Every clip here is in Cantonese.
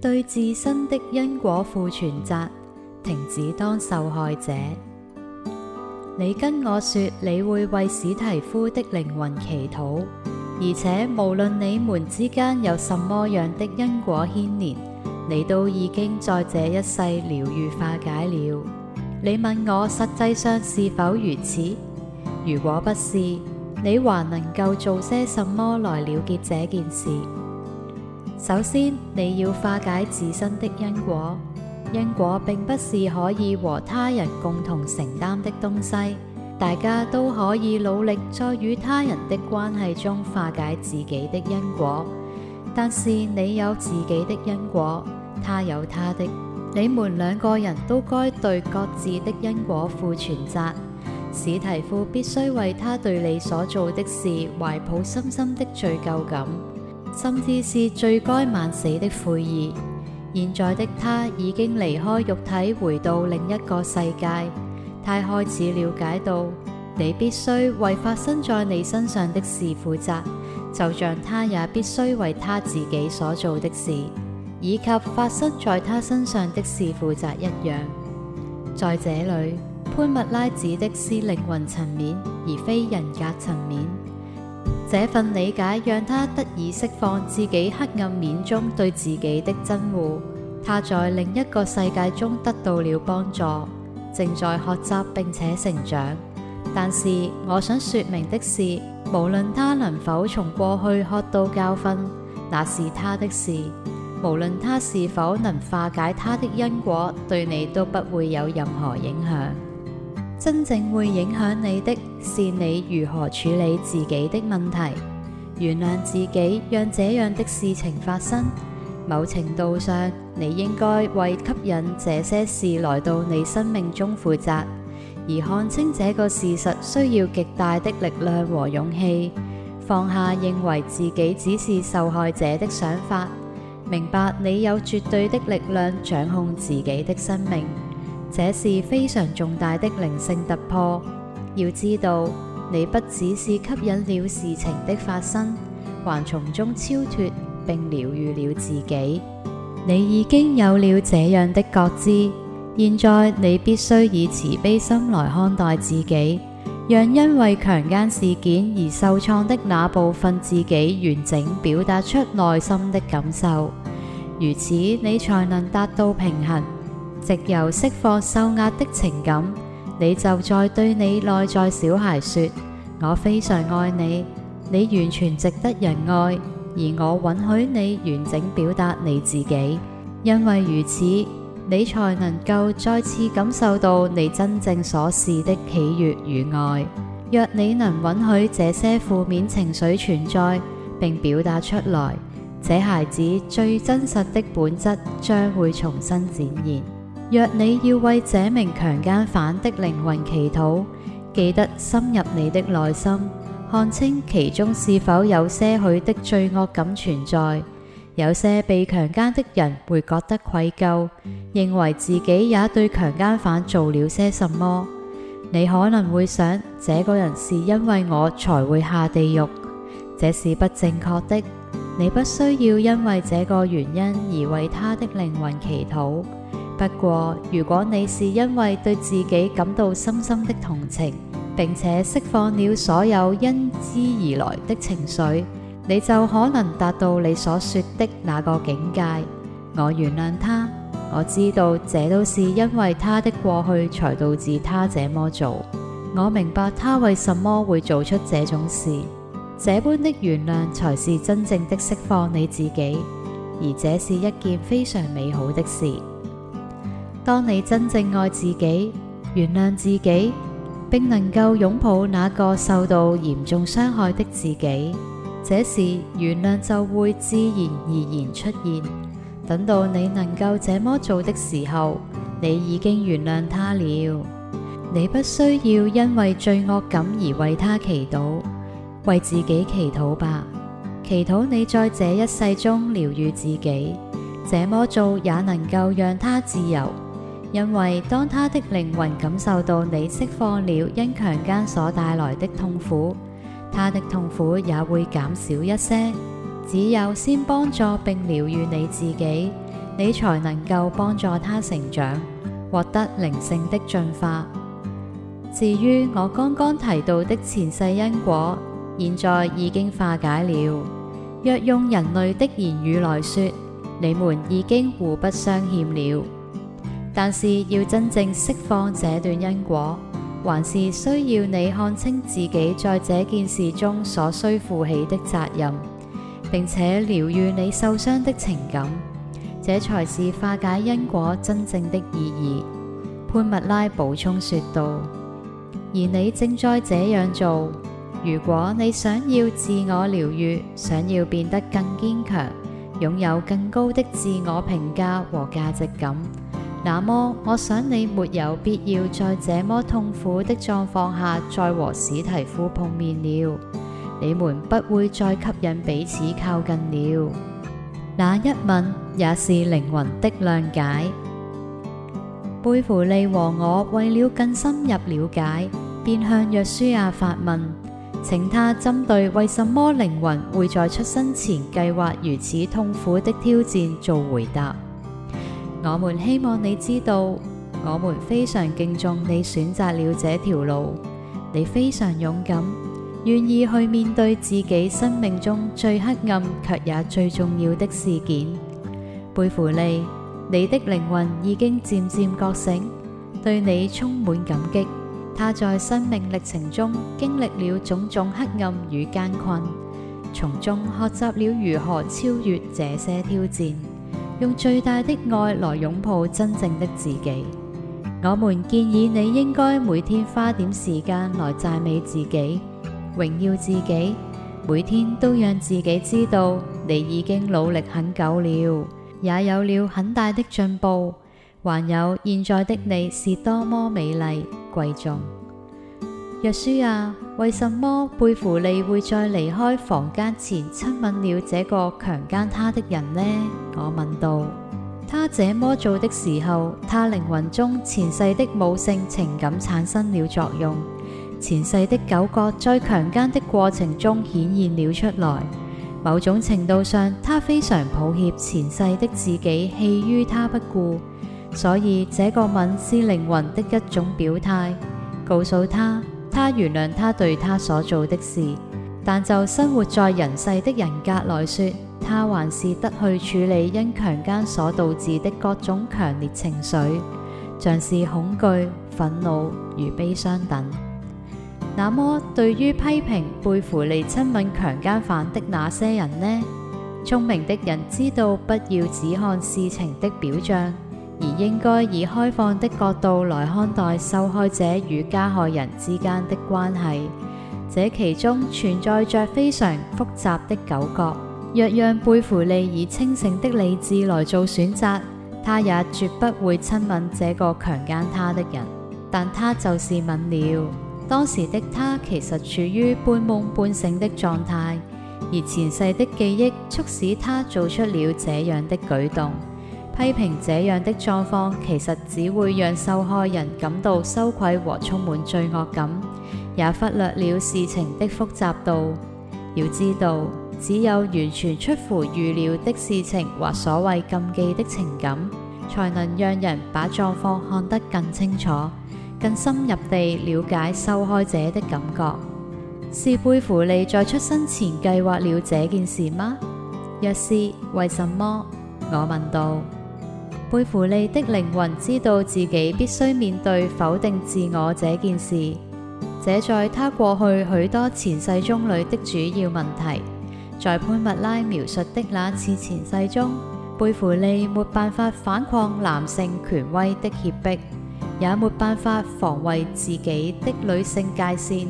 對自身的因果負全責，停止當受害者。你跟我說你會為史提夫的靈魂祈禱，而且無論你們之間有什麼樣的因果牽連，你都已經在這一世療癒化解了。你問我實際上是否如此？如果不是，你還能夠做些什麼來了結這件事？首先，你要化解自身的因果，因果並不是可以和他人共同承擔的東西。大家都可以努力在與他人的關係中化解自己的因果，但是你有自己的因果，他有他的，你們兩個人都該對各自的因果負全責。史提夫必須為他對你所做的事懷抱深深的罪疚感。甚至是罪該萬死的悔意。現在的他已經離開肉體，回到另一個世界。他開始了解到，你必須為發生在你身上的事負責，就像他也必須為他自己所做的事，以及發生在他身上的事負責一樣。在這裏，潘密拉指的是靈魂層面，而非人格層面。這份理解讓他得以釋放自己黑暗面中對自己的憎惡，他在另一個世界中得到了幫助，正在學習並且成長。但是我想說明的是，無論他能否從過去學到教訓，那是他的事；無論他是否能化解他的因果，對你都不會有任何影響。真正會影響你的是你如何處理自己的問題，原諒自己讓這樣的事情發生。某程度上，你應該為吸引這些事來到你生命中負責。而看清這個事實需要極大的力量和勇氣，放下認為自己只是受害者的想法，明白你有絕對的力量掌控自己的生命。這是非常重大的靈性突破。要知道，你不只是吸引了事情的發生，還從中超脱並療癒了自己。你已經有了這樣的覺知，現在你必須以慈悲心來看待自己，讓因為強姦事件而受創的那部分自己完整表達出內心的感受。如此，你才能達到平衡。藉由釋放受壓的情感，你就在對你內在小孩說：我非常愛你，你完全值得人愛，而我允許你完整表達你自己。因為如此，你才能夠再次感受到你真正所示的喜悅與愛。若你能允許這些負面情緒存在，並表達出來，這孩子最真實的本質將會重新展現。若你要為這名強姦犯的靈魂祈禱，記得深入你的內心，看清其中是否有些許的罪惡感存在。有些被強姦的人會覺得愧疚，認為自己也對強姦犯做了些什麼。你可能會想，這個人是因為我才會下地獄，這是不正確的。你不需要因為這個原因而為他的靈魂祈禱。不過，如果你是因為對自己感到深深的同情，並且釋放了所有因之而來的情緒，你就可能達到你所說的那個境界。我原諒他，我知道這都是因為他的過去才導致他這麼做。我明白他為什麼會做出這種事。這般的原諒才是真正的釋放你自己，而這是一件非常美好的事。當你真正愛自己、原諒自己，並能夠擁抱那個受到嚴重傷害的自己，這時原諒就會自然而然出現。等到你能夠這麼做的時候，你已經原諒他了。你不需要因為罪惡感而為他祈禱，為自己祈禱吧。祈禱你在這一世中療癒自己，這麼做也能夠讓他自由。因為當他的靈魂感受到你釋放了因強姦所帶來的痛苦，他的痛苦也會減少一些。只有先幫助並療癒你自己，你才能夠幫助他成長，獲得靈性的進化。至於我剛剛提到的前世因果，現在已經化解了。若用人類的言語來說，你們已經互不相欠了。但是要真正釋放這段因果，還是需要你看清自己在這件事中所需負起的責任，並且療愈你受傷的情感，這才是化解因果真正的意義。潘麥拉補充說道：而你正在這樣做。如果你想要自我療愈，想要變得更堅強，擁有更高的自我評價和價值感。那麼，我想你沒有必要在這麼痛苦的狀況下再和史提夫碰面了。你們不會再吸引彼此靠近了。那一吻也是靈魂的諒解。貝芙利和我為了更深入了解，便向約書亞發問，請他針對為什麼靈魂會在出生前計劃如此痛苦的挑戰做回答。我們希望你知道，我們非常敬重你選擇了這條路。你非常勇敢，願意去面對自己生命中最黑暗卻也最重要的事件。貝芙利，你的靈魂已經漸漸覺醒，對你充滿感激。他在生命歷程中經歷了種種黑暗與艱困，從中學習了如何超越這些挑戰。用最大的愛來擁抱真正的自己。我們建議你應該每天花點時間來讚美自己、榮耀自己，每天都讓自己知道你已經努力很久了，也有了很大的進步，還有現在的你是多麼美麗、貴重。若書啊，為什麼貝芙利會在離開房間前親吻了這個強姦他的人呢？我問道。他這麼做的時候，他靈魂中前世的母性情感產生了作用，前世的糾葛，在強姦的過程中顯現了出來。某種程度上，他非常抱歉前世的自己棄於他不顧，所以這個吻是靈魂的一種表態，告訴他。他原諒他對他所做的事，但就生活在人世的人格來說，他還是得去處理因強姦所導致的各種強烈情緒，像是恐懼、憤怒與悲傷等。那麼對於，對於批評背負你親吻強姦犯的那些人呢？聰明的人知道不要只看事情的表象。而應該以開放的角度來看待受害者與加害人之間的關係，這其中存在著非常複雜的糾葛。若讓貝芙利以清醒的理智來做選擇，他也絕不會親吻這個強姦他的人，但他就是吻了。當時的他其實處於半夢半醒的狀態，而前世的記憶促使他做出了這樣的舉動。批評這樣的狀況，其實只會讓受害人感到羞愧和充滿罪惡感，也忽略了事情的複雜度。要知道，只有完全出乎預料的事情或所謂禁忌的情感，才能讓人把狀況看得更清楚、更深入地了解受害者的感覺。是佩芙利在出生前計劃了這件事嗎？若是，為什麼？我問道。貝芙利的靈魂知道自己必須面對否定自我這件事，這在他過去許多前世中裏的主要問題。在潘蜜拉描述的那次前世中，貝芙利沒辦法反抗男性權威的脅迫，也沒辦法防衛自己的女性界線。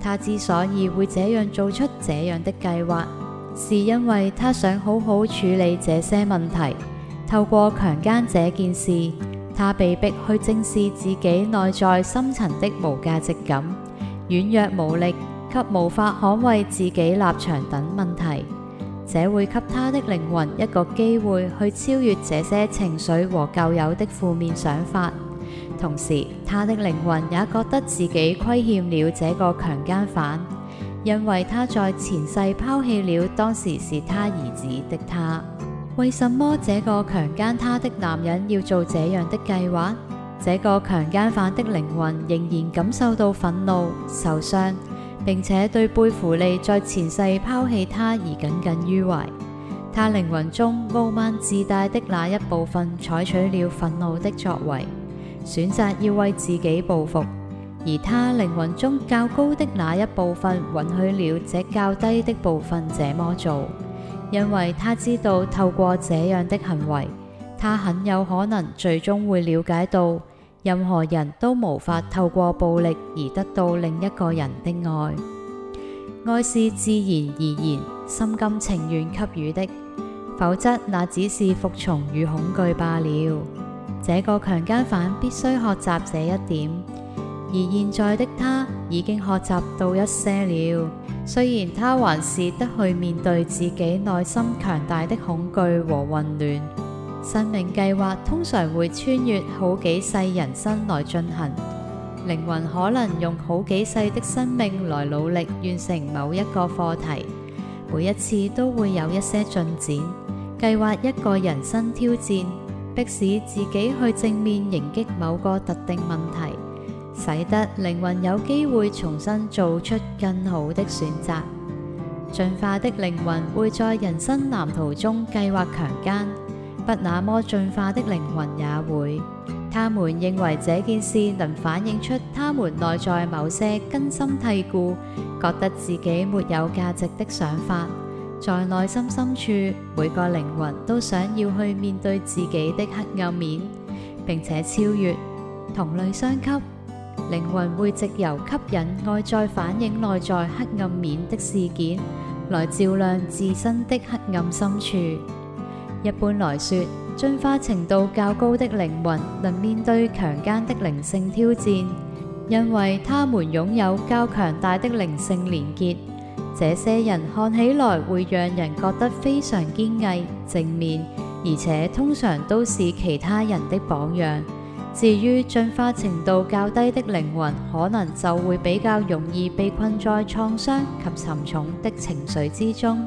他之所以會這樣做出這樣的計劃，是因為他想好好處理這些問題。透過強姦這件事，他被迫去正視自己內在深層的無價值感、軟弱無力及無法捍衛自己立場等問題。這會給他的靈魂一個機會去超越這些情緒和舊有的負面想法，同時他的靈魂也覺得自己虧欠了這個強姦犯，因為他在前世拋棄了當時是他兒子的他。為什麼這個強姦她的男人要做這樣的計劃？這個強姦犯的靈魂仍然感受到憤怒、受傷，並且對貝芙利在前世拋棄她而耿耿於懷。他靈魂中傲慢自大的那一部分採取了憤怒的作為，選擇要為自己報復，而他靈魂中較高的那一部分允許了這較低的部分這麼做。因為他知道透過這樣的行為，他很有可能最終會了解到，任何人都無法透過暴力而得到另一個人的愛。愛是自然而然、心甘情願給予的，否則那只是服從與恐懼罷了。這個強姦犯必須學習這一點，而現在的他已經學習到一些了。雖然他還是得去面對自己內心強大的恐懼和混亂，生命計劃通常會穿越好幾世人生來進行。靈魂可能用好幾世的生命來努力完成某一個課題，每一次都會有一些進展。計劃一個人生挑戰，迫使自己去正面迎擊某個特定問題。使得靈魂有機會重新做出更好的選擇。進化的靈魂會在人生藍圖中計劃強姦，不那麼進化的靈魂也會。他們認為這件事能反映出他們內在某些根深蒂固、覺得自己沒有價值的想法。在內心深處，每個靈魂都想要去面對自己的黑暗面，並且超越同類相吸。靈魂會藉由吸引外在反映內在黑暗面的事件，來照亮自身的黑暗深處。一般來說，進化程度較高的靈魂能面對強姦的靈性挑戰，因為他們擁有較強大的靈性連結。這些人看起來會讓人覺得非常堅毅、正面，而且通常都是其他人的榜樣。至於進化程度較低的靈魂，可能就會比較容易被困在創傷及沉重的情緒之中，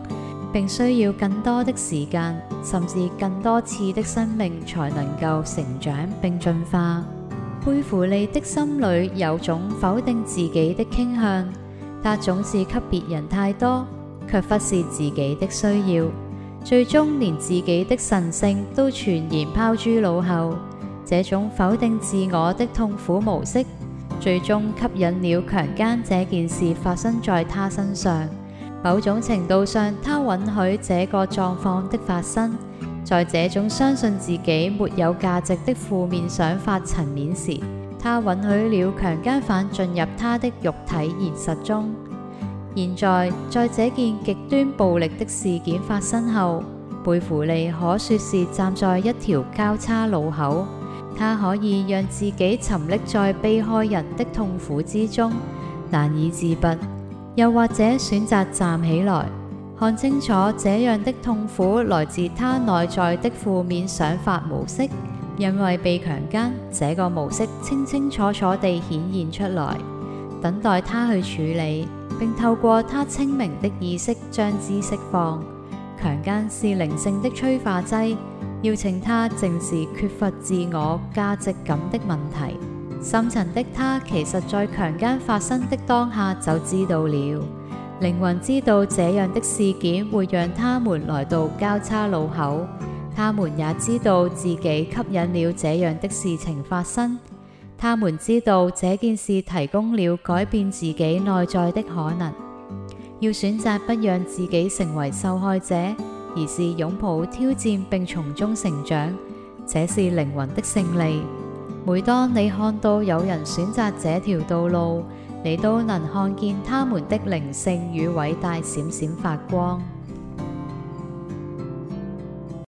並需要更多的時間，甚至更多次的生命，才能夠成長並進化。貝弗利的心裏有種否定自己的傾向，但總是給別人太多，卻忽視自己的需要，最終連自己的神性都全然拋諸腦後。這種否定自我的痛苦模式，最終吸引了強姦這件事發生在他身上。某種程度上，他允許這個狀況的發生。在這種相信自己沒有價值的負面想法層面時，他允許了強姦犯進入他的肉體現實中。現在，在這件極端暴力的事件發生後，貝芙利可說是站在一條交叉路口。他可以讓自己沉溺在被害人的痛苦之中，難以自拔；又或者選擇站起來，看清楚這樣的痛苦來自他內在的負面想法模式。因為被強姦，這個模式清清楚楚地顯現出來，等待他去處理，並透過他清明的意識將之釋放。強姦是靈性的催化劑。要請他正視缺乏自我價值感的問題。深層的他，其實在強姦發生的當下就知道了。靈魂知道這樣的事件會讓他們來到交叉路口，他們也知道自己吸引了這樣的事情發生。他們知道這件事提供了改變自己內在的可能，要選擇不讓自己成為受害者。而是擁抱挑戰並從中成長，這是靈魂的勝利。每當你看到有人選擇這條道路，你都能看見他們的靈性與偉大閃閃發光。